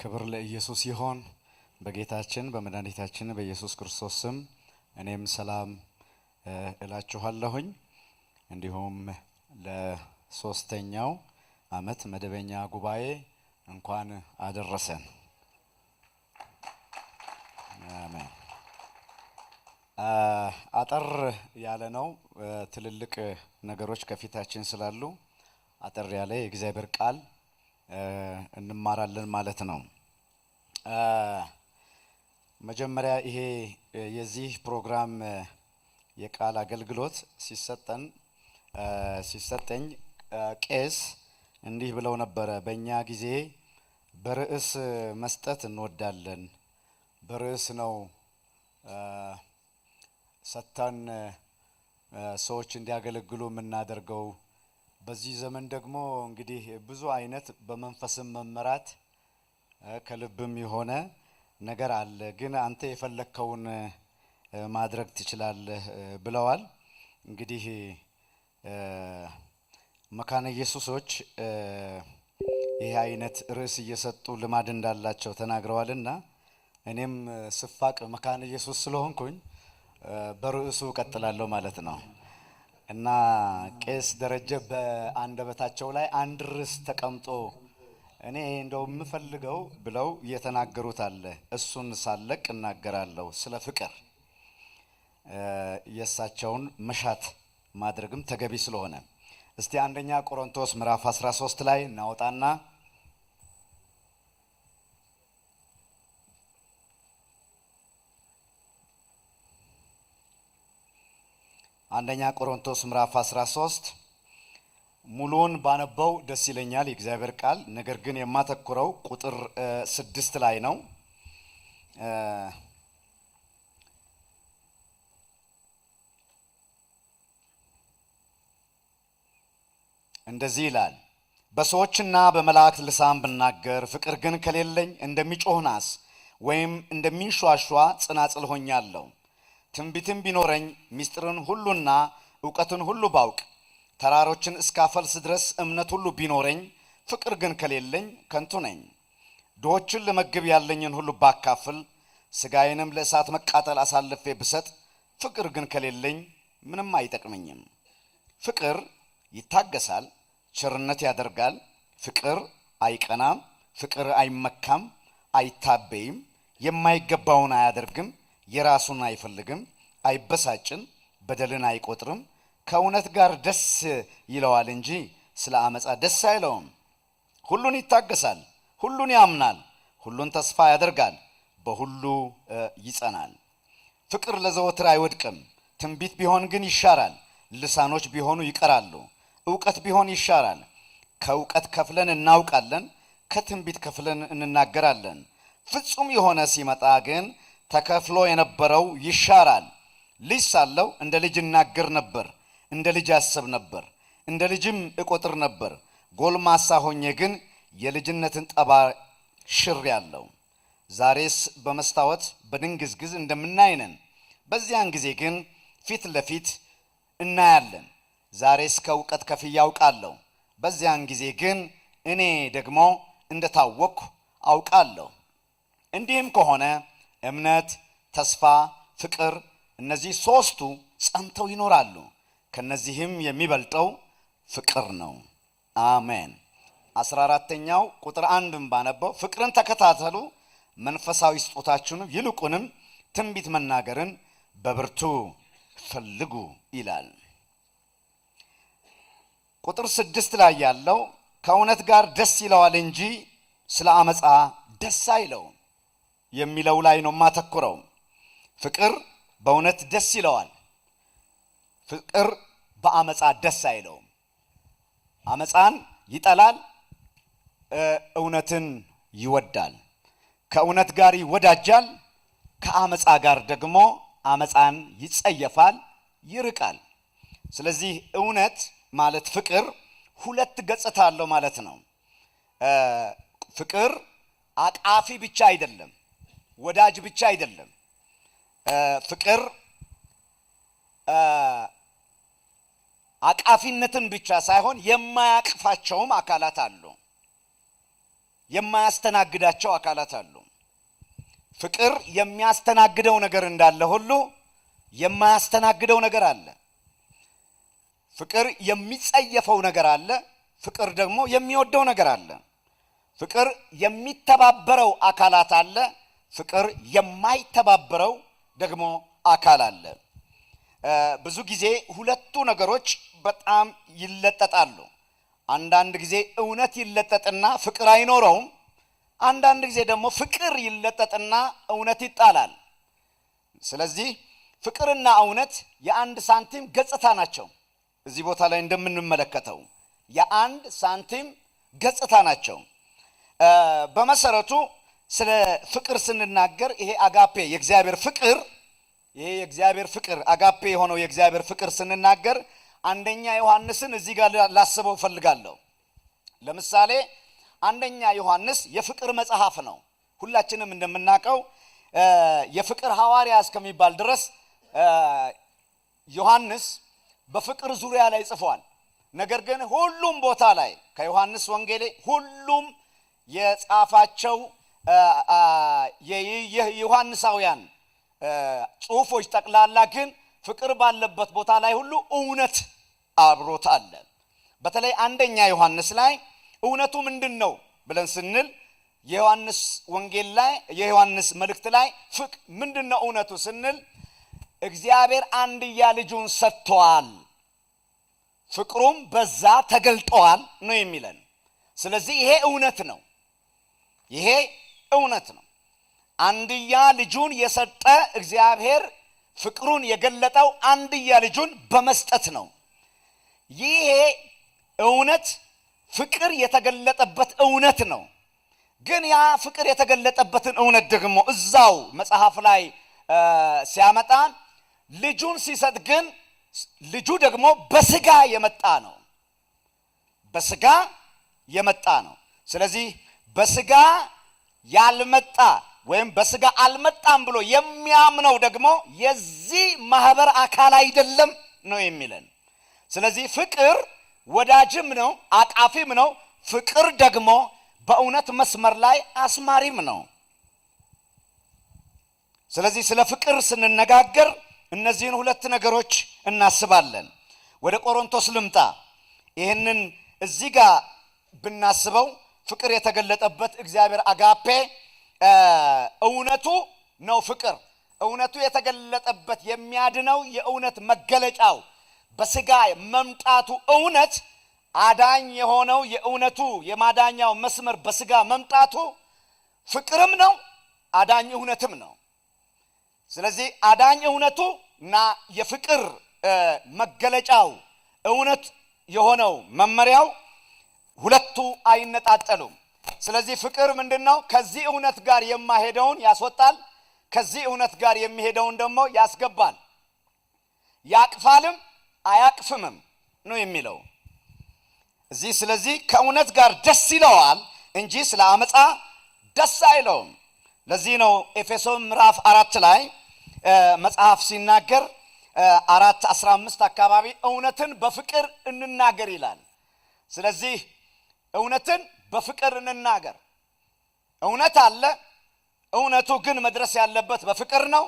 ክብር ለኢየሱስ ይሆን። በጌታችን በመድኃኒታችን በኢየሱስ ክርስቶስ ስም እኔም ሰላም እላችኋለሁኝ። እንዲሁም ለሶስተኛው ዓመት መደበኛ ጉባኤ እንኳን አደረሰን። አሜን። አጠር ያለ ነው። ትልልቅ ነገሮች ከፊታችን ስላሉ አጠር ያለ የእግዚአብሔር ቃል እንማራለን ማለት ነው። መጀመሪያ ይሄ የዚህ ፕሮግራም የቃል አገልግሎት ሲሰጠን ሲሰጠኝ ቄስ እንዲህ ብለው ነበረ። በእኛ ጊዜ በርዕስ መስጠት እንወዳለን። በርዕስ ነው ሰጥተን ሰዎች እንዲያገለግሉ የምናደርገው። በዚህ ዘመን ደግሞ እንግዲህ ብዙ አይነት በመንፈስም መመራት ከልብም የሆነ ነገር አለ። ግን አንተ የፈለግከውን ማድረግ ትችላለህ ብለዋል። እንግዲህ መካነ ኢየሱሶች ይህ አይነት ርዕስ እየሰጡ ልማድ እንዳላቸው ተናግረዋልና እኔም ስፋቅ መካነ ኢየሱስ ስለሆንኩኝ በርዕሱ ቀጥላለሁ ማለት ነው እና ቄስ ደረጀ በአንደበታቸው ላይ አንድ ርዕስ ተቀምጦ እኔ እንደው የምፈልገው ብለው እየተናገሩት አለ። እሱን ሳለቅ እናገራለሁ። ስለ ፍቅር የእሳቸውን መሻት ማድረግም ተገቢ ስለሆነ እስቲ አንደኛ ቆሮንቶስ ምዕራፍ 13 ላይ እናወጣና አንደኛ ቆሮንቶስ ምዕራፍ 13 ሙሉውን ባነበው ደስ ይለኛል የእግዚአብሔር ቃል። ነገር ግን የማተኩረው ቁጥር ስድስት ላይ ነው። እንደዚህ ይላል፣ በሰዎችና በመላእክት ልሳን ብናገር ፍቅር ግን ከሌለኝ እንደሚጮህ ናስ ወይም እንደሚንሿሿ ጽናጽል ሆኛለሁ። ትንቢትም ቢኖረኝ ምስጢርን ሁሉና እውቀትን ሁሉ ባውቅ ተራሮችን እስካፈልስ ድረስ እምነት ሁሉ ቢኖረኝ ፍቅር ግን ከሌለኝ ከንቱ ነኝ። ድሆችን ለመግብ ያለኝን ሁሉ ባካፍል ስጋዬንም ለእሳት መቃጠል አሳልፌ ብሰጥ ፍቅር ግን ከሌለኝ ምንም አይጠቅመኝም። ፍቅር ይታገሳል፣ ቸርነት ያደርጋል። ፍቅር አይቀናም፣ ፍቅር አይመካም፣ አይታበይም፣ የማይገባውን አያደርግም፣ የራሱን አይፈልግም፣ አይበሳጭም፣ በደልን አይቆጥርም፣ ከእውነት ጋር ደስ ይለዋል እንጂ ስለ አመፃ ደስ አይለውም። ሁሉን ይታገሳል፣ ሁሉን ያምናል፣ ሁሉን ተስፋ ያደርጋል፣ በሁሉ ይጸናል። ፍቅር ለዘወትር አይወድቅም። ትንቢት ቢሆን ግን ይሻራል፣ ልሳኖች ቢሆኑ ይቀራሉ፣ እውቀት ቢሆን ይሻራል። ከእውቀት ከፍለን እናውቃለን፣ ከትንቢት ከፍለን እንናገራለን። ፍጹም የሆነ ሲመጣ ግን ተከፍሎ የነበረው ይሻራል። ልጅ ሳለው እንደ ልጅ እናገር ነበር፣ እንደ ልጅ አስብ ነበር፣ እንደ ልጅም እቆጥር ነበር። ጎልማሳ ሆኜ ግን የልጅነትን ጠባ ሽር ያለው ዛሬስ በመስታወት በድንግዝግዝ እንደምናይነን፣ በዚያን ጊዜ ግን ፊት ለፊት እናያለን። ዛሬስ ከእውቀት ከፍዬ አውቃለሁ፣ በዚያን ጊዜ ግን እኔ ደግሞ እንደታወቅኩ አውቃለሁ። እንዲህም ከሆነ እምነት፣ ተስፋ፣ ፍቅር እነዚህ ሶስቱ ጸንተው ይኖራሉ። ከነዚህም የሚበልጠው ፍቅር ነው። አሜን። አስራ አራተኛው ቁጥር አንድን ባነበው ፍቅርን ተከታተሉ መንፈሳዊ ስጦታችሁን ይልቁንም ትንቢት መናገርን በብርቱ ፈልጉ ይላል። ቁጥር ስድስት ላይ ያለው ከእውነት ጋር ደስ ይለዋል እንጂ ስለ አመፃ ደስ አይለውም። የሚለው ላይ ነው የማተኩረው። ፍቅር በእውነት ደስ ይለዋል። ፍቅር በአመፃ ደስ አይለውም። አመፃን ይጠላል፣ እውነትን ይወዳል። ከእውነት ጋር ይወዳጃል፣ ከአመፃ ጋር ደግሞ አመፃን ይጸየፋል፣ ይርቃል። ስለዚህ እውነት ማለት ፍቅር ሁለት ገጽታ አለው ማለት ነው። ፍቅር አቃፊ ብቻ አይደለም። ወዳጅ ብቻ አይደለም። ፍቅር አቃፊነትን ብቻ ሳይሆን የማያቅፋቸውም አካላት አሉ፣ የማያስተናግዳቸው አካላት አሉ። ፍቅር የሚያስተናግደው ነገር እንዳለ ሁሉ የማያስተናግደው ነገር አለ። ፍቅር የሚጸየፈው ነገር አለ። ፍቅር ደግሞ የሚወደው ነገር አለ። ፍቅር የሚተባበረው አካላት አለ። ፍቅር የማይተባበረው ደግሞ አካል አለ። ብዙ ጊዜ ሁለቱ ነገሮች በጣም ይለጠጣሉ። አንዳንድ ጊዜ እውነት ይለጠጥና ፍቅር አይኖረውም። አንዳንድ ጊዜ ደግሞ ፍቅር ይለጠጥና እውነት ይጣላል። ስለዚህ ፍቅርና እውነት የአንድ ሳንቲም ገጽታ ናቸው። እዚህ ቦታ ላይ እንደምንመለከተው የአንድ ሳንቲም ገጽታ ናቸው። በመሰረቱ ስለ ፍቅር ስንናገር ይሄ አጋፔ የእግዚአብሔር ፍቅር ይሄ የእግዚአብሔር ፍቅር አጋፔ የሆነው የእግዚአብሔር ፍቅር ስንናገር አንደኛ ዮሐንስን እዚህ ጋር ላስበው እፈልጋለሁ። ለምሳሌ አንደኛ ዮሐንስ የፍቅር መጽሐፍ ነው። ሁላችንም እንደምናውቀው የፍቅር ሐዋርያ እስከሚባል ድረስ ዮሐንስ በፍቅር ዙሪያ ላይ ጽፏል። ነገር ግን ሁሉም ቦታ ላይ ከዮሐንስ ወንጌሌ ሁሉም የጻፋቸው የዮሐንሳውያን ጽሁፎች ጠቅላላ ግን ፍቅር ባለበት ቦታ ላይ ሁሉ እውነት አብሮት አለ። በተለይ አንደኛ ዮሐንስ ላይ እውነቱ ምንድን ነው ብለን ስንል የዮሐንስ ወንጌል ላይ የዮሐንስ መልእክት ላይ ፍቅ ምንድን ነው እውነቱ ስንል እግዚአብሔር አንድያ ልጁን ሰጥተዋል፣ ፍቅሩም በዛ ተገልጠዋል ነው የሚለን። ስለዚህ ይሄ እውነት ነው ይሄ እውነት ነው። አንድያ ልጁን የሰጠ እግዚአብሔር ፍቅሩን የገለጠው አንድያ ልጁን በመስጠት ነው። ይሄ እውነት ፍቅር የተገለጠበት እውነት ነው። ግን ያ ፍቅር የተገለጠበትን እውነት ደግሞ እዛው መጽሐፍ ላይ ሲያመጣ ልጁን ሲሰጥ ግን ልጁ ደግሞ በስጋ የመጣ ነው። በስጋ የመጣ ነው። ስለዚህ በስጋ ያልመጣ ወይም በስጋ አልመጣም ብሎ የሚያምነው ደግሞ የዚህ ማህበር አካል አይደለም ነው የሚለን። ስለዚህ ፍቅር ወዳጅም ነው፣ አቃፊም ነው። ፍቅር ደግሞ በእውነት መስመር ላይ አስማሪም ነው። ስለዚህ ስለ ፍቅር ስንነጋገር እነዚህን ሁለት ነገሮች እናስባለን። ወደ ቆሮንቶስ ልምጣ። ይህንን እዚህ ጋር ብናስበው ፍቅር የተገለጠበት እግዚአብሔር አጋፔ እውነቱ ነው። ፍቅር እውነቱ የተገለጠበት የሚያድነው የእውነት መገለጫው በስጋ መምጣቱ እውነት አዳኝ የሆነው የእውነቱ የማዳኛው መስመር በስጋ መምጣቱ ፍቅርም ነው፣ አዳኝ እውነትም ነው። ስለዚህ አዳኝ እውነቱ እና የፍቅር መገለጫው እውነት የሆነው መመሪያው ሁለቱ አይነጣጠሉም። ስለዚህ ፍቅር ምንድን ነው? ከዚህ እውነት ጋር የማሄደውን ያስወጣል፣ ከዚህ እውነት ጋር የሚሄደውን ደግሞ ያስገባል። ያቅፋልም አያቅፍምም ነው የሚለው እዚህ። ስለዚህ ከእውነት ጋር ደስ ይለዋል እንጂ ስለ አመፃ ደስ አይለውም። ለዚህ ነው ኤፌሶን ምዕራፍ አራት ላይ መጽሐፍ ሲናገር አራት አስራ አምስት አካባቢ እውነትን በፍቅር እንናገር ይላል። ስለዚህ እውነትን በፍቅር እንናገር። እውነት አለ። እውነቱ ግን መድረስ ያለበት በፍቅር ነው።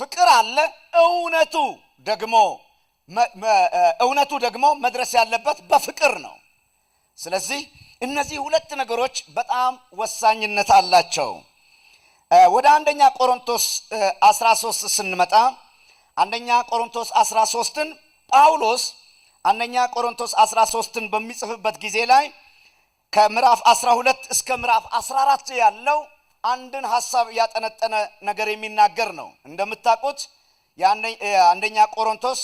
ፍቅር አለ። እውነቱ ደግሞ እውነቱ ደግሞ መድረስ ያለበት በፍቅር ነው። ስለዚህ እነዚህ ሁለት ነገሮች በጣም ወሳኝነት አላቸው። ወደ አንደኛ ቆሮንቶስ 13 ስንመጣ አንደኛ ቆሮንቶስ 13ን ጳውሎስ አንደኛ ቆሮንቶስ 13ን በሚጽፍበት ጊዜ ላይ ከምዕራፍ 12 እስከ ምዕራፍ 14 ያለው አንድን ሀሳብ ያጠነጠነ ነገር የሚናገር ነው። እንደምታውቁት የአንደኛ ቆሮንቶስ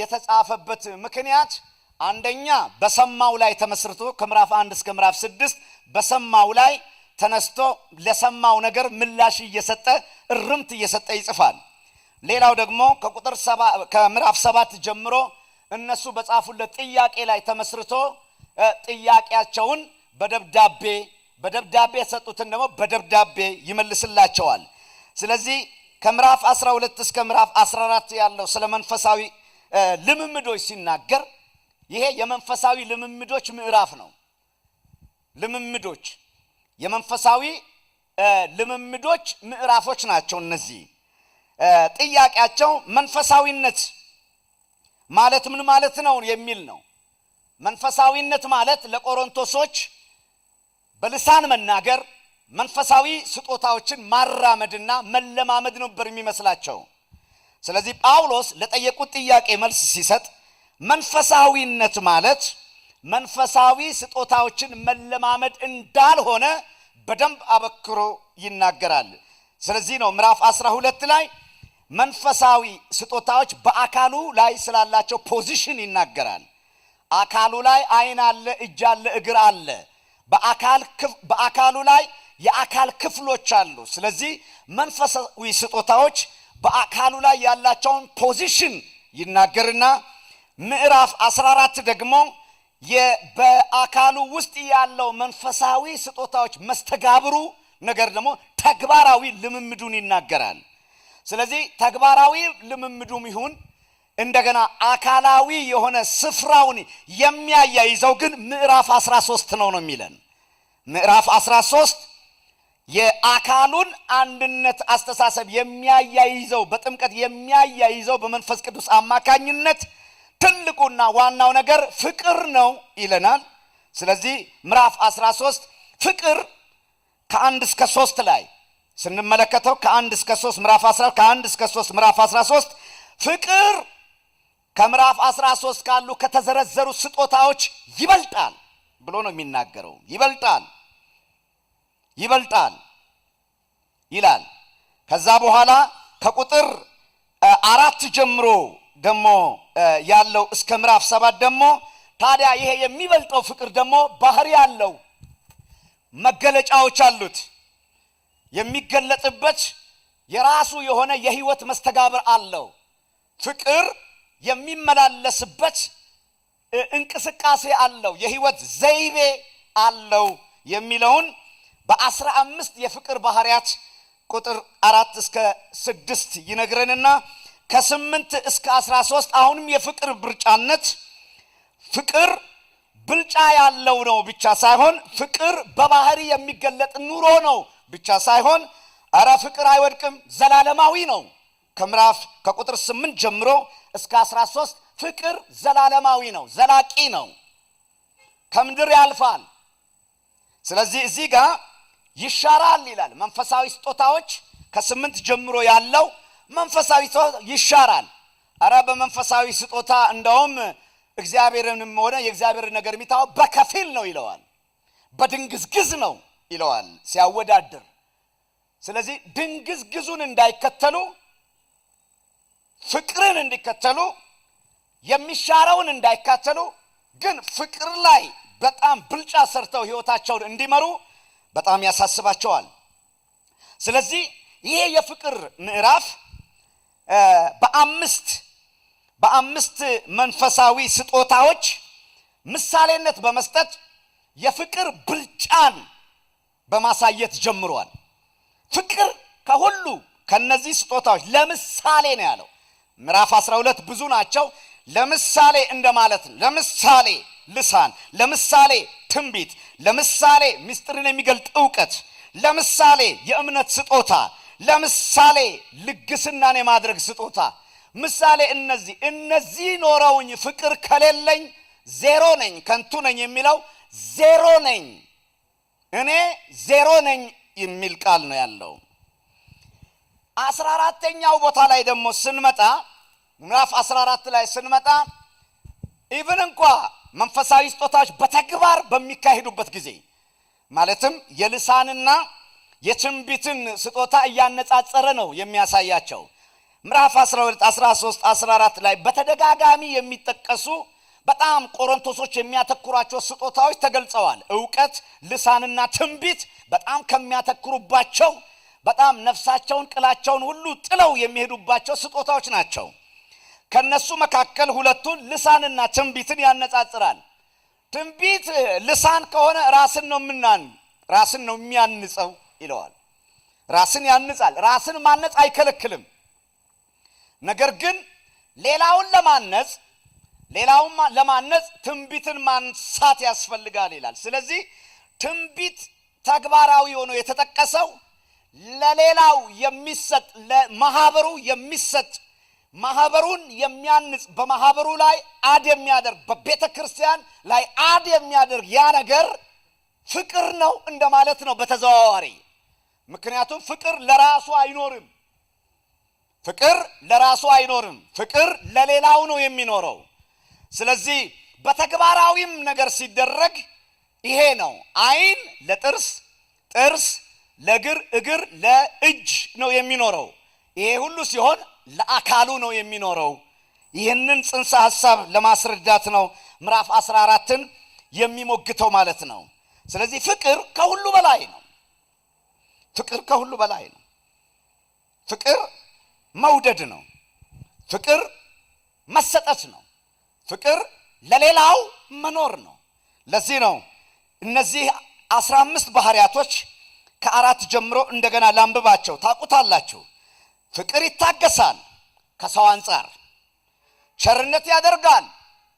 የተጻፈበት ምክንያት አንደኛ በሰማው ላይ ተመስርቶ ከምዕራፍ አንድ እስከ ምዕራፍ ስድስት በሰማው ላይ ተነስቶ ለሰማው ነገር ምላሽ እየሰጠ እርምት እየሰጠ ይጽፋል። ሌላው ደግሞ ከምዕራፍ ሰባት ጀምሮ እነሱ በጻፉለት ጥያቄ ላይ ተመስርቶ ጥያቄያቸውን በደብዳቤ በደብዳቤ የሰጡትን ደግሞ በደብዳቤ ይመልስላቸዋል። ስለዚህ ከምዕራፍ 12 እስከ ምዕራፍ 14 ያለው ስለ መንፈሳዊ ልምምዶች ሲናገር ይሄ የመንፈሳዊ ልምምዶች ምዕራፍ ነው። ልምምዶች የመንፈሳዊ ልምምዶች ምዕራፎች ናቸው። እነዚህ ጥያቄያቸው መንፈሳዊነት ማለት ምን ማለት ነው የሚል ነው። መንፈሳዊነት ማለት ለቆሮንቶሶች በልሳን መናገር መንፈሳዊ ስጦታዎችን ማራመድና መለማመድ ነበር የሚመስላቸው። ስለዚህ ጳውሎስ ለጠየቁት ጥያቄ መልስ ሲሰጥ መንፈሳዊነት ማለት መንፈሳዊ ስጦታዎችን መለማመድ እንዳልሆነ በደንብ አበክሮ ይናገራል። ስለዚህ ነው ምዕራፍ 12 ላይ መንፈሳዊ ስጦታዎች በአካሉ ላይ ስላላቸው ፖዚሽን ይናገራል። አካሉ ላይ አይን አለ፣ እጅ አለ፣ እግር አለ። በአካሉ ላይ የአካል ክፍሎች አሉ። ስለዚህ መንፈሳዊ ስጦታዎች በአካሉ ላይ ያላቸውን ፖዚሽን ይናገርና ምዕራፍ 14 ደግሞ በአካሉ ውስጥ ያለው መንፈሳዊ ስጦታዎች መስተጋብሩ ነገር ደግሞ ተግባራዊ ልምምዱን ይናገራል። ስለዚህ ተግባራዊ ልምምዱም ይሁን እንደገና አካላዊ የሆነ ስፍራውን የሚያያይዘው ግን ምዕራፍ 13 ነው ነው የሚለን ምዕራፍ 13 የአካሉን አንድነት አስተሳሰብ የሚያያይዘው በጥምቀት የሚያያይዘው በመንፈስ ቅዱስ አማካኝነት ትልቁና ዋናው ነገር ፍቅር ነው ይለናል። ስለዚህ ምዕራፍ 13 ፍቅር ከአንድ እስከ ሶስት ላይ ስንመለከተው ከአንድ እስከ ሶስት ምራፍ አስራ ከአንድ እስከ ሶስት ምራፍ አስራ ሶስት ፍቅር ከምራፍ አስራ ሶስት ካሉ ከተዘረዘሩ ስጦታዎች ይበልጣል ብሎ ነው የሚናገረው። ይበልጣል ይበልጣል ይላል። ከዛ በኋላ ከቁጥር አራት ጀምሮ ደግሞ ያለው እስከ ምዕራፍ ሰባት ደግሞ ታዲያ ይሄ የሚበልጠው ፍቅር ደግሞ ባህሪ አለው፣ መገለጫዎች አሉት። የሚገለጽበት የራሱ የሆነ የህይወት መስተጋብር አለው። ፍቅር የሚመላለስበት እንቅስቃሴ አለው፣ የህይወት ዘይቤ አለው የሚለውን በአስራ አምስት የፍቅር ባህሪያት ቁጥር አራት እስከ ስድስት ይነግረንና ከስምንት እስከ አስራ ሶስት አሁንም የፍቅር ብርጫነት ፍቅር ብልጫ ያለው ነው ብቻ ሳይሆን ፍቅር በባህሪ የሚገለጥ ኑሮ ነው ብቻ ሳይሆን እረ ፍቅር አይወድቅም ዘላለማዊ ነው። ከምዕራፍ ከቁጥር ስምንት ጀምሮ እስከ አስራ ሶስት ፍቅር ዘላለማዊ ነው፣ ዘላቂ ነው፣ ከምድር ያልፋል። ስለዚህ እዚህ ጋር ይሻራል ይላል። መንፈሳዊ ስጦታዎች ከስምንት ጀምሮ ያለው መንፈሳዊ ይሻራል። እረ በመንፈሳዊ ስጦታ እንደውም እግዚአብሔርንም ሆነ የእግዚአብሔር ነገር የሚታወ በከፊል ነው ይለዋል። በድንግዝግዝ ነው ይለዋል ሲያወዳድር። ስለዚህ ድንግዝግዙን እንዳይከተሉ ፍቅርን እንዲከተሉ የሚሻረውን እንዳይካተሉ ግን ፍቅር ላይ በጣም ብልጫ ሰርተው ህይወታቸውን እንዲመሩ በጣም ያሳስባቸዋል። ስለዚህ ይሄ የፍቅር ምዕራፍ በአምስት በአምስት መንፈሳዊ ስጦታዎች ምሳሌነት በመስጠት የፍቅር ብልጫን በማሳየት ጀምሯል። ፍቅር ከሁሉ ከነዚህ ስጦታዎች ለምሳሌ ነው ያለው። ምዕራፍ 12 ብዙ ናቸው። ለምሳሌ እንደማለት ነው። ለምሳሌ ልሳን፣ ለምሳሌ ትንቢት፣ ለምሳሌ ምስጢርን የሚገልጥ እውቀት፣ ለምሳሌ የእምነት ስጦታ፣ ለምሳሌ ልግስናን የማድረግ ስጦታ ምሳሌ እነዚህ እነዚህ ኖረውኝ ፍቅር ከሌለኝ ዜሮ ነኝ፣ ከንቱ ነኝ የሚለው ዜሮ ነኝ እኔ ዜሮ ነኝ የሚል ቃል ነው ያለው። አስራ አራተኛው ቦታ ላይ ደግሞ ስንመጣ ምዕራፍ አስራ አራት ላይ ስንመጣ ኢቭን እንኳ መንፈሳዊ ስጦታዎች በተግባር በሚካሄዱበት ጊዜ ማለትም የልሳንና የትንቢትን ስጦታ እያነጻጸረ ነው የሚያሳያቸው። ምዕራፍ 12፣ 13፣ 14 ላይ በተደጋጋሚ የሚጠቀሱ በጣም ቆሮንቶሶች የሚያተኩሯቸው ስጦታዎች ተገልጸዋል። እውቀት፣ ልሳንና ትንቢት በጣም ከሚያተኩሩባቸው በጣም ነፍሳቸውን ቅላቸውን ሁሉ ጥለው የሚሄዱባቸው ስጦታዎች ናቸው። ከነሱ መካከል ሁለቱን ልሳንና ትንቢትን ያነጻጽራል። ትንቢት ልሳን ከሆነ ራስን ነው የምናን ራስን ነው የሚያንጸው ይለዋል። ራስን ያንጻል። ራስን ማነጽ አይከለክልም። ነገር ግን ሌላውን ለማነጽ ሌላውም ለማነጽ ትንቢትን ማንሳት ያስፈልጋል ይላል። ስለዚህ ትንቢት ተግባራዊ ሆኖ የተጠቀሰው ለሌላው የሚሰጥ ለማህበሩ የሚሰጥ ማህበሩን የሚያንጽ በማህበሩ ላይ አድ የሚያደርግ በቤተ ክርስቲያን ላይ አድ የሚያደርግ ያ ነገር ፍቅር ነው እንደማለት ነው በተዘዋዋሪ ምክንያቱም ፍቅር ለራሱ አይኖርም። ፍቅር ለራሱ አይኖርም። ፍቅር ለሌላው ነው የሚኖረው። ስለዚህ በተግባራዊም ነገር ሲደረግ ይሄ ነው። አይን ለጥርስ ጥርስ ለእግር እግር ለእጅ ነው የሚኖረው። ይሄ ሁሉ ሲሆን ለአካሉ ነው የሚኖረው። ይህንን ጽንሰ ሀሳብ ለማስረዳት ነው ምዕራፍ 14ን የሚሞግተው ማለት ነው። ስለዚህ ፍቅር ከሁሉ በላይ ነው። ፍቅር ከሁሉ በላይ ነው። ፍቅር መውደድ ነው። ፍቅር መሰጠት ነው። ፍቅር ለሌላው መኖር ነው። ለዚህ ነው እነዚህ አስራ አምስት ባህሪያቶች ከአራት ጀምሮ እንደገና ላንብባቸው ታውቁታላችሁ። ፍቅር ይታገሳል ከሰው አንጻር፣ ቸርነት ያደርጋል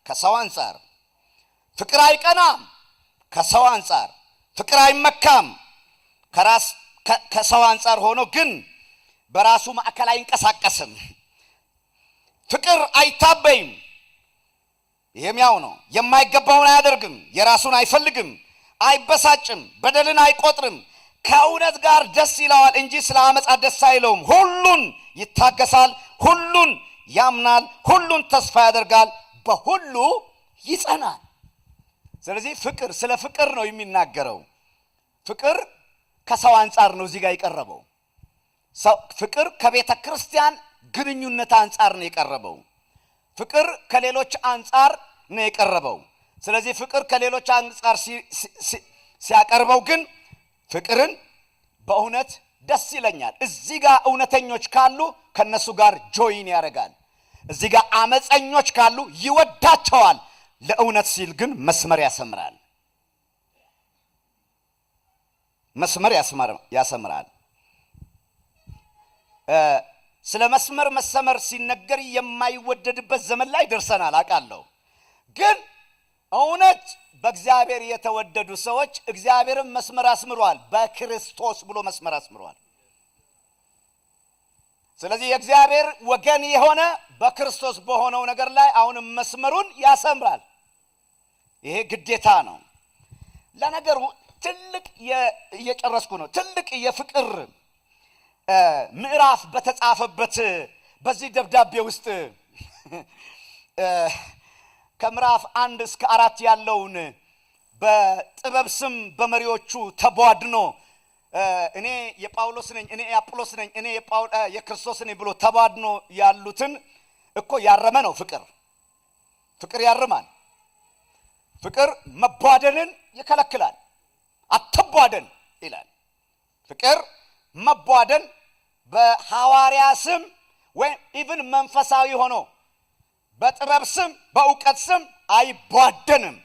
ከሰው አንጻር፣ ፍቅር አይቀናም ከሰው አንጻር፣ ፍቅር አይመካም ከራስ ከሰው አንጻር ሆኖ ግን በራሱ ማዕከል አይንቀሳቀስም። ፍቅር አይታበይም ይህም ያው ነው። የማይገባውን አያደርግም፣ የራሱን አይፈልግም፣ አይበሳጭም፣ በደልን አይቆጥርም፣ ከእውነት ጋር ደስ ይለዋል እንጂ ስለ አመፃ ደስ አይለውም። ሁሉን ይታገሳል፣ ሁሉን ያምናል፣ ሁሉን ተስፋ ያደርጋል፣ በሁሉ ይጸናል። ስለዚህ ፍቅር ስለ ፍቅር ነው የሚናገረው። ፍቅር ከሰው አንጻር ነው እዚህ ጋር የቀረበው። ፍቅር ከቤተ ክርስቲያን ግንኙነት አንጻር ነው የቀረበው። ፍቅር ከሌሎች አንጻር ነው የቀረበው። ስለዚህ ፍቅር ከሌሎች አንጻር ሲያቀርበው ግን ፍቅርን በእውነት ደስ ይለኛል። እዚህ ጋር እውነተኞች ካሉ ከነሱ ጋር ጆይን ያደርጋል። እዚህ ጋር አመፀኞች ካሉ ይወዳቸዋል። ለእውነት ሲል ግን መስመር ያሰምራል። መስመር ያሰምራል። ስለ መስመር መሰመር ሲነገር የማይወደድበት ዘመን ላይ ደርሰናል አውቃለሁ። ግን እውነት በእግዚአብሔር የተወደዱ ሰዎች እግዚአብሔርን መስመር አስምረዋል። በክርስቶስ ብሎ መስመር አስምሯል። ስለዚህ የእግዚአብሔር ወገን የሆነ በክርስቶስ በሆነው ነገር ላይ አሁንም መስመሩን ያሰምራል። ይሄ ግዴታ ነው። ለነገሩ ትልቅ እየጨረስኩ ነው። ትልቅ የፍቅር ምዕራፍ በተጻፈበት በዚህ ደብዳቤ ውስጥ ከምዕራፍ አንድ እስከ አራት ያለውን በጥበብ ስም በመሪዎቹ ተቧድኖ እኔ የጳውሎስ ነኝ፣ እኔ የአጵሎስ ነኝ፣ እኔ የክርስቶስ ነኝ ብሎ ተቧድኖ ያሉትን እኮ ያረመ ነው ፍቅር። ፍቅር ያርማል። ፍቅር መቧደንን ይከለክላል። አትቧደን ይላል ፍቅር መቧደን በሐዋርያ ስም ወይም ኢቭን መንፈሳዊ ሆኖ በጥበብ ስም በእውቀት ስም አይቧደንም።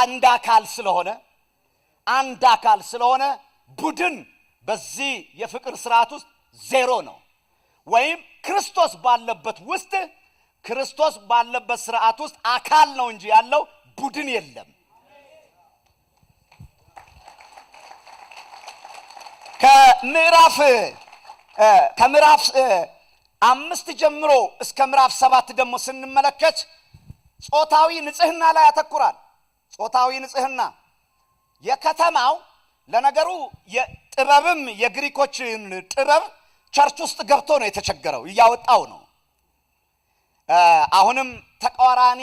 አንድ አካል ስለሆነ አንድ አካል ስለሆነ ቡድን በዚህ የፍቅር ስርዓት ውስጥ ዜሮ ነው። ወይም ክርስቶስ ባለበት ውስጥ ክርስቶስ ባለበት ስርዓት ውስጥ አካል ነው እንጂ ያለው ቡድን የለም። ከምዕራፍ ከምዕራፍ አምስት ጀምሮ እስከ ምዕራፍ ሰባት ደግሞ ስንመለከት ጾታዊ ንጽህና ላይ ያተኩራል። ጾታዊ ንጽህና የከተማው ለነገሩ የጥበብም የግሪኮችን ጥበብ ቸርች ውስጥ ገብቶ ነው የተቸገረው፣ እያወጣው ነው። አሁንም ተቃራኒ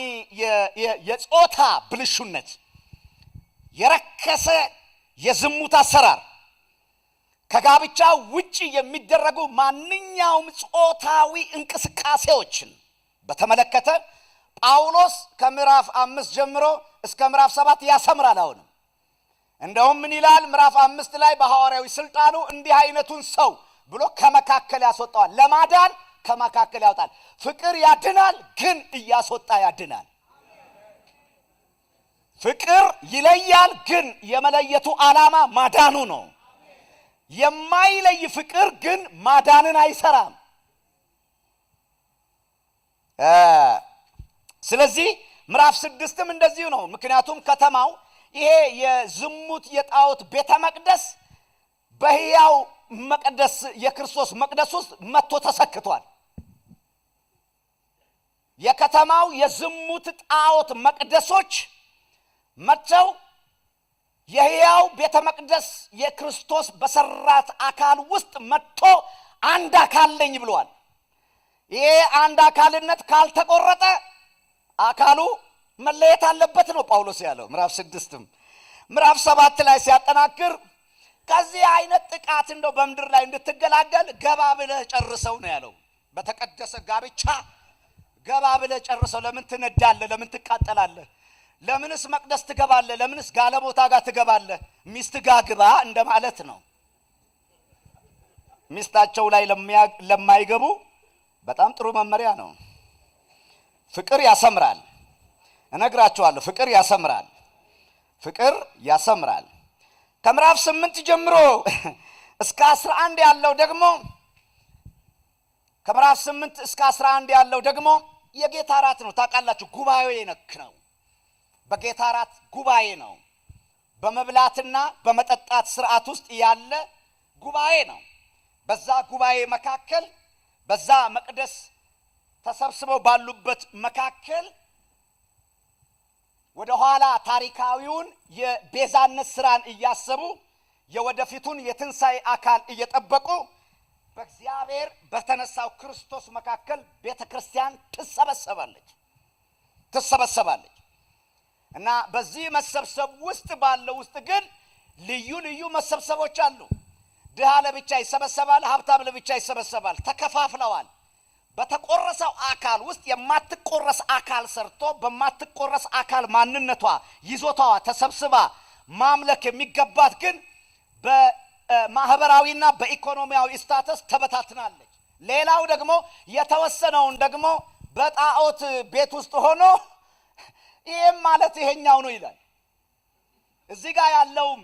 የጾታ ብልሹነት፣ የረከሰ የዝሙት አሰራር ከጋብቻ ውጭ የሚደረጉ ማንኛውም ጾታዊ እንቅስቃሴዎችን በተመለከተ ጳውሎስ ከምዕራፍ አምስት ጀምሮ እስከ ምዕራፍ ሰባት ያሰምራል። አሁንም እንደውም ምን ይላል? ምዕራፍ አምስት ላይ በሐዋርያዊ ስልጣኑ እንዲህ አይነቱን ሰው ብሎ ከመካከል ያስወጣዋል። ለማዳን ከመካከል ያወጣል። ፍቅር ያድናል፣ ግን እያስወጣ ያድናል። ፍቅር ይለያል፣ ግን የመለየቱ ዓላማ ማዳኑ ነው። የማይለይ ፍቅር ግን ማዳንን አይሰራም። ስለዚህ ምዕራፍ ስድስትም እንደዚሁ ነው። ምክንያቱም ከተማው ይሄ የዝሙት የጣዖት ቤተ መቅደስ በህያው መቅደስ የክርስቶስ መቅደስ ውስጥ መጥቶ ተሰክቷል። የከተማው የዝሙት ጣዖት መቅደሶች መጥተው የሕያው ቤተ መቅደስ የክርስቶስ በሰራት አካል ውስጥ መጥቶ አንድ አካል ነኝ ብለዋል። ይሄ አንድ አካልነት ካልተቆረጠ አካሉ መለየት አለበት ነው ጳውሎስ ያለው። ምዕራፍ ስድስትም ምዕራፍ ሰባት ላይ ሲያጠናክር ከዚህ አይነት ጥቃት እንደው በምድር ላይ እንድትገላገል ገባ ብለህ ጨርሰው ነው ያለው። በተቀደሰ ጋብቻ ገባ ብለህ ጨርሰው። ለምን ትነዳለህ? ለምን ትቃጠላለህ? ለምንስ መቅደስ ትገባለህ? ለምንስ ጋለ ቦታ ጋር ትገባለህ? ሚስት ጋ ግባ እንደማለት ነው። ሚስታቸው ላይ ለማይገቡ በጣም ጥሩ መመሪያ ነው። ፍቅር ያሰምራል፣ እነግራችኋለሁ። ፍቅር ያሰምራል፣ ፍቅር ያሰምራል። ከምዕራፍ ስምንት ጀምሮ እስከ አስራ አንድ ያለው ደግሞ ከምዕራፍ ስምንት እስከ አስራ አንድ ያለው ደግሞ የጌታ እራት ነው። ታውቃላችሁ፣ ጉባኤ ነክ ነው። በጌታ እራት ጉባኤ ነው። በመብላትና በመጠጣት ስርዓት ውስጥ ያለ ጉባኤ ነው። በዛ ጉባኤ መካከል በዛ መቅደስ ተሰብስበው ባሉበት መካከል ወደ ኋላ ታሪካዊውን የቤዛነት ስራን እያሰቡ የወደፊቱን የትንሣኤ አካል እየጠበቁ በእግዚአብሔር በተነሳው ክርስቶስ መካከል ቤተ ክርስቲያን ትሰበሰባለች ትሰበሰባለች። እና በዚህ መሰብሰብ ውስጥ ባለው ውስጥ ግን ልዩ ልዩ መሰብሰቦች አሉ። ድሃ ለብቻ ይሰበሰባል፣ ሀብታም ለብቻ ይሰበሰባል። ተከፋፍለዋል። በተቆረሰው አካል ውስጥ የማትቆረስ አካል ሰርቶ በማትቆረስ አካል ማንነቷ ይዞታዋ ተሰብስባ ማምለክ የሚገባት ግን በማህበራዊና በኢኮኖሚያዊ ስታተስ ተበታትናለች። ሌላው ደግሞ የተወሰነውን ደግሞ በጣዖት ቤት ውስጥ ሆኖ ይሄም ማለት ይሄኛው ነው ይላል። እዚህ ጋር ያለውም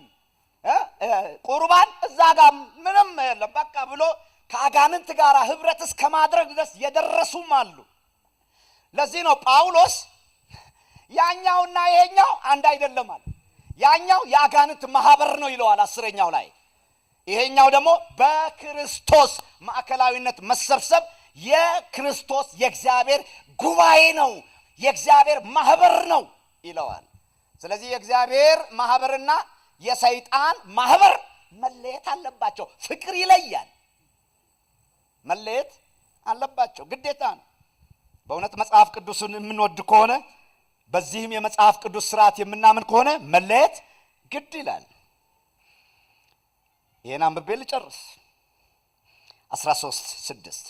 ቁርባን እዛ ጋር ምንም የለም በቃ ብሎ ከአጋንንት ጋር ህብረት እስከ ማድረግ ድረስ የደረሱም አሉ። ለዚህ ነው ጳውሎስ ያኛውና ይሄኛው አንድ አይደለም አለ። ያኛው የአጋንንት ማህበር ነው ይለዋል አስረኛው ላይ። ይሄኛው ደግሞ በክርስቶስ ማዕከላዊነት መሰብሰብ የክርስቶስ የእግዚአብሔር ጉባኤ ነው የእግዚአብሔር ማህበር ነው ይለዋል። ስለዚህ የእግዚአብሔር ማህበርና የሰይጣን ማህበር መለየት አለባቸው። ፍቅር ይለያል። መለየት አለባቸው፣ ግዴታ ነው። በእውነት መጽሐፍ ቅዱስን የምንወድ ከሆነ በዚህም የመጽሐፍ ቅዱስ ስርዓት የምናምን ከሆነ መለየት ግድ ይላል። ይህን አንብቤ ልጨርስ። 13 ስድስት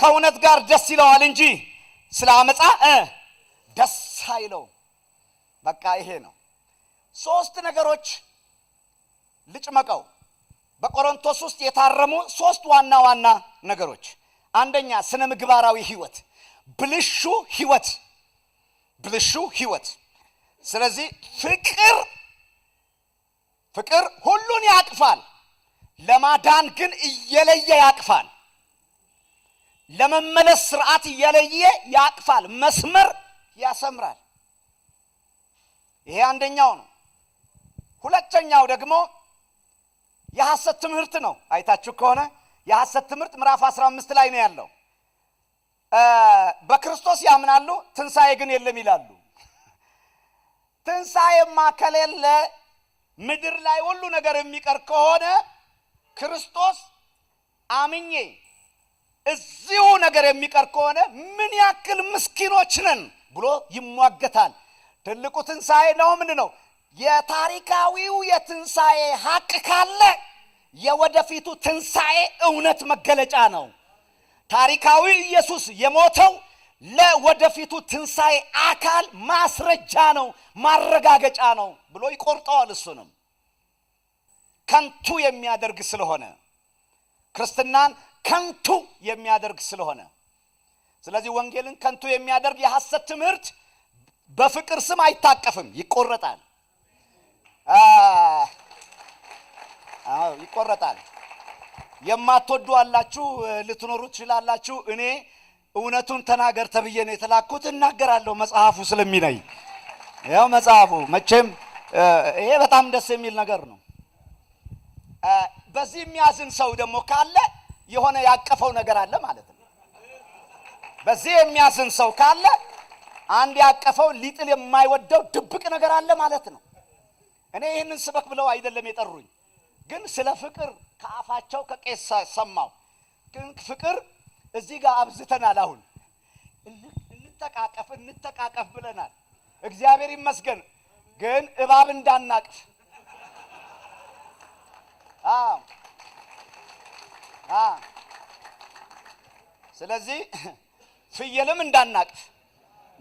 ከእውነት ጋር ደስ ይለዋል እንጂ ስለ አመፃ ደስ አይለው በቃ ይሄ ነው። ሶስት ነገሮች ልጭመቀው። በቆሮንቶስ ውስጥ የታረሙ ሶስት ዋና ዋና ነገሮች፣ አንደኛ ስነ ምግባራዊ ህይወት፣ ብልሹ ህይወት፣ ብልሹ ህይወት። ስለዚህ ፍቅር ፍቅር ሁሉን ያቅፋል፣ ለማዳን ግን እየለየ ያቅፋል። ለመመለስ ስርዓት እየለየ ያቅፋል፣ መስመር ያሰምራል። ይሄ አንደኛው ነው። ሁለተኛው ደግሞ የሐሰት ትምህርት ነው። አይታችሁ ከሆነ የሐሰት ትምህርት ምዕራፍ 15 ላይ ነው ያለው። በክርስቶስ ያምናሉ፣ ትንሣኤ ግን የለም ይላሉ። ትንሣኤማ ከሌለ ምድር ላይ ሁሉ ነገር የሚቀር ከሆነ ክርስቶስ አምኜ እዚሁ ነገር የሚቀር ከሆነ ምን ያክል ምስኪኖች ነን ብሎ ይሟገታል። ትልቁ ትንሣኤ ነው። ምን ነው የታሪካዊው የትንሣኤ ሀቅ ካለ የወደፊቱ ትንሣኤ እውነት መገለጫ ነው። ታሪካዊ ኢየሱስ የሞተው ለወደፊቱ ትንሣኤ አካል ማስረጃ ነው፣ ማረጋገጫ ነው ብሎ ይቆርጠዋል። እሱንም ከንቱ የሚያደርግ ስለሆነ ክርስትናን ከንቱ የሚያደርግ ስለሆነ ስለዚህ ወንጌልን ከንቱ የሚያደርግ የሐሰት ትምህርት በፍቅር ስም አይታቀፍም፣ ይቆረጣል ይቆረጣል። የማትወዱ አላችሁ ልትኖሩ ትችላላችሁ። እኔ እውነቱን ተናገር ተብዬ ነው የተላኩት። እናገራለሁ መጽሐፉ ስለሚነይ ያው መጽሐፉ መቼም ይሄ በጣም ደስ የሚል ነገር ነው። በዚህ የሚያዝን ሰው ደግሞ ካለ የሆነ ያቀፈው ነገር አለ ማለት ነው። በዚህ የሚያዝን ሰው ካለ አንድ ያቀፈው ሊጥል የማይወደው ድብቅ ነገር አለ ማለት ነው። እኔ ይህንን ስበክ ብለው አይደለም የጠሩኝ፣ ግን ስለ ፍቅር ከአፋቸው ከቄስ ሰማው። ግን ፍቅር እዚህ ጋር አብዝተናል። አሁን እንተቃቀፍ እንተቃቀፍ ብለናል። እግዚአብሔር ይመስገን። ግን እባብ እንዳናቅፍ ስለዚህ ፍየልም እንዳናቅፍ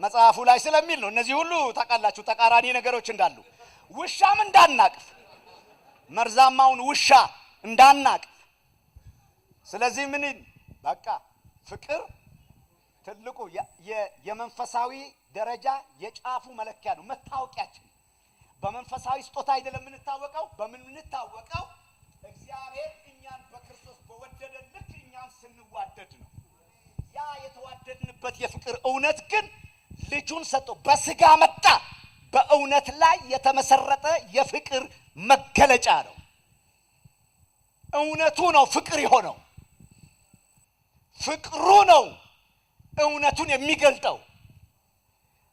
መጽሐፉ ላይ ስለሚል ነው። እነዚህ ሁሉ ታውቃላችሁ ተቃራኒ ነገሮች እንዳሉ፣ ውሻም እንዳናቅፍ መርዛማውን ውሻ እንዳናቅፍ። ስለዚህ ምን በቃ ፍቅር ትልቁ የመንፈሳዊ ደረጃ የጫፉ መለኪያ ነው፣ መታወቂያችን። በመንፈሳዊ ስጦታ አይደለም የምንታወቀው፣ የምንታወቀው እግዚአብሔር ስንዋደድ ነው። ያ የተዋደድንበት የፍቅር እውነት ግን ልጁን ሰጥቶ በስጋ መጣ። በእውነት ላይ የተመሰረተ የፍቅር መገለጫ ነው። እውነቱ ነው ፍቅር የሆነው ፍቅሩ ነው እውነቱን የሚገልጠው።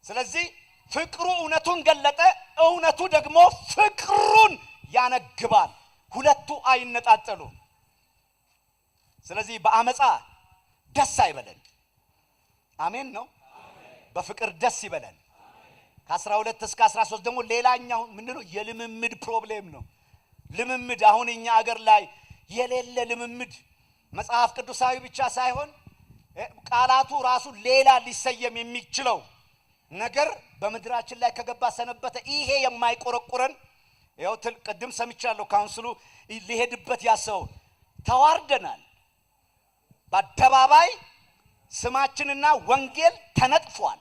ስለዚህ ፍቅሩ እውነቱን ገለጠ፣ እውነቱ ደግሞ ፍቅሩን ያነግባል። ሁለቱ አይነጣጠሉም። ስለዚህ በአመፃ ደስ አይበለን። አሜን ነው። በፍቅር ደስ ይበለን። ከ12 እስከ 13 ደግሞ ሌላኛው ምንድነው? የልምምድ ፕሮብሌም ነው። ልምምድ አሁን እኛ አገር ላይ የሌለ ልምምድ መጽሐፍ ቅዱሳዊ ብቻ ሳይሆን ቃላቱ ራሱ ሌላ ሊሰየም የሚችለው ነገር በምድራችን ላይ ከገባ ሰነበተ። ይሄ የማይቆረቁረን ይኸው ቅድም ሰምቻለሁ ካውንስሉ ሊሄድበት ያሰው ተዋርደናል። በአደባባይ ስማችንና ወንጌል ተነጥፏል።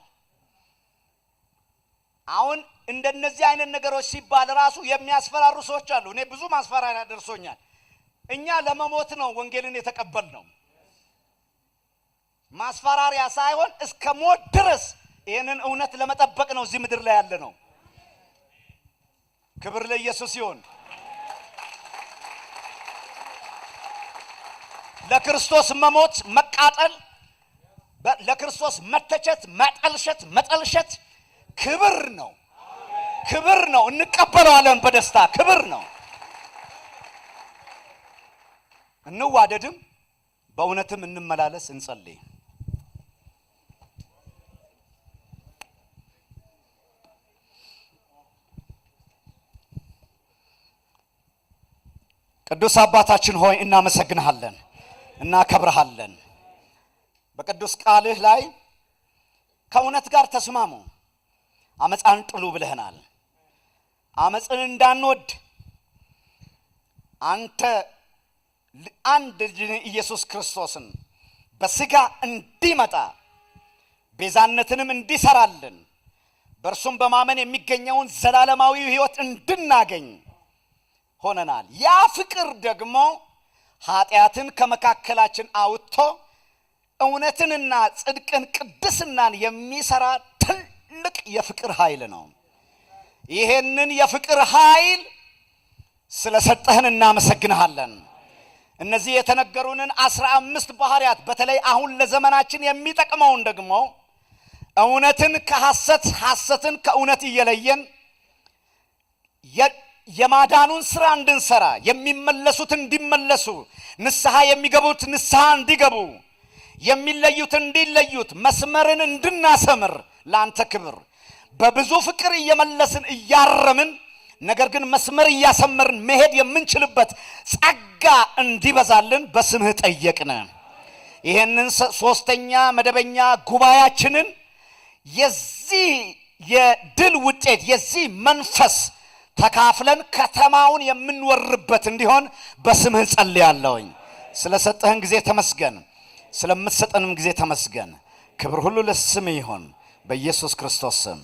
አሁን እንደነዚህ አይነት ነገሮች ሲባል ራሱ የሚያስፈራሩ ሰዎች አሉ። እኔ ብዙ ማስፈራሪያ ደርሶኛል። እኛ ለመሞት ነው ወንጌልን የተቀበል ነው። ማስፈራሪያ ሳይሆን እስከ ሞት ድረስ ይህንን እውነት ለመጠበቅ ነው እዚህ ምድር ላይ ያለ ነው። ክብር ለኢየሱስ ይሁን። ለክርስቶስ መሞት፣ መቃጠል፣ ለክርስቶስ መተቸት፣ መጠልሸት መጠልሸት ክብር ነው፣ ክብር ነው። እንቀበለዋለን በደስታ ክብር ነው። እንዋደድም፣ በእውነትም እንመላለስ። እንጸልይ። ቅዱስ አባታችን ሆይ እናመሰግንሃለን። እናከብረሃለን። በቅዱስ ቃልህ ላይ ከእውነት ጋር ተስማሙ፣ አመፃን ጥሉ ብለህናል። አመፅን እንዳንወድ አንተ አንድ ልጅን ኢየሱስ ክርስቶስን በስጋ እንዲመጣ ቤዛነትንም እንዲሰራልን በእርሱም በማመን የሚገኘውን ዘላለማዊ ሕይወት እንድናገኝ ሆነናል። ያ ፍቅር ደግሞ ኃጢአትን ከመካከላችን አውጥቶ እውነትንና ጽድቅን ቅድስናን የሚሰራ ትልቅ የፍቅር ኃይል ነው። ይሄንን የፍቅር ኃይል ስለሰጠህን እናመሰግንሃለን። እነዚህ የተነገሩንን አስራ አምስት ባህሪያት በተለይ አሁን ለዘመናችን የሚጠቅመውን ደግሞ እውነትን ከሐሰት ሐሰትን ከእውነት እየለየን የማዳኑን ስራ እንድንሰራ፣ የሚመለሱት እንዲመለሱ፣ ንስሐ የሚገቡት ንስሐ እንዲገቡ፣ የሚለዩት እንዲለዩት፣ መስመርን እንድናሰምር ለአንተ ክብር በብዙ ፍቅር እየመለስን እያረምን ነገር ግን መስመር እያሰመርን መሄድ የምንችልበት ጸጋ እንዲበዛልን በስምህ ጠየቅነ። ይህንን ሶስተኛ መደበኛ ጉባኤያችንን የዚህ የድል ውጤት የዚህ መንፈስ ተካፍለን ከተማውን የምንወርበት እንዲሆን በስምህ ጸልያለሁኝ። ስለ ጊዜ ተመስገን፣ ስለምትሰጠንም ጊዜ ተመስገን። ክብር ሁሉ ለስምህ ይሁን በኢየሱስ ክርስቶስ ስም።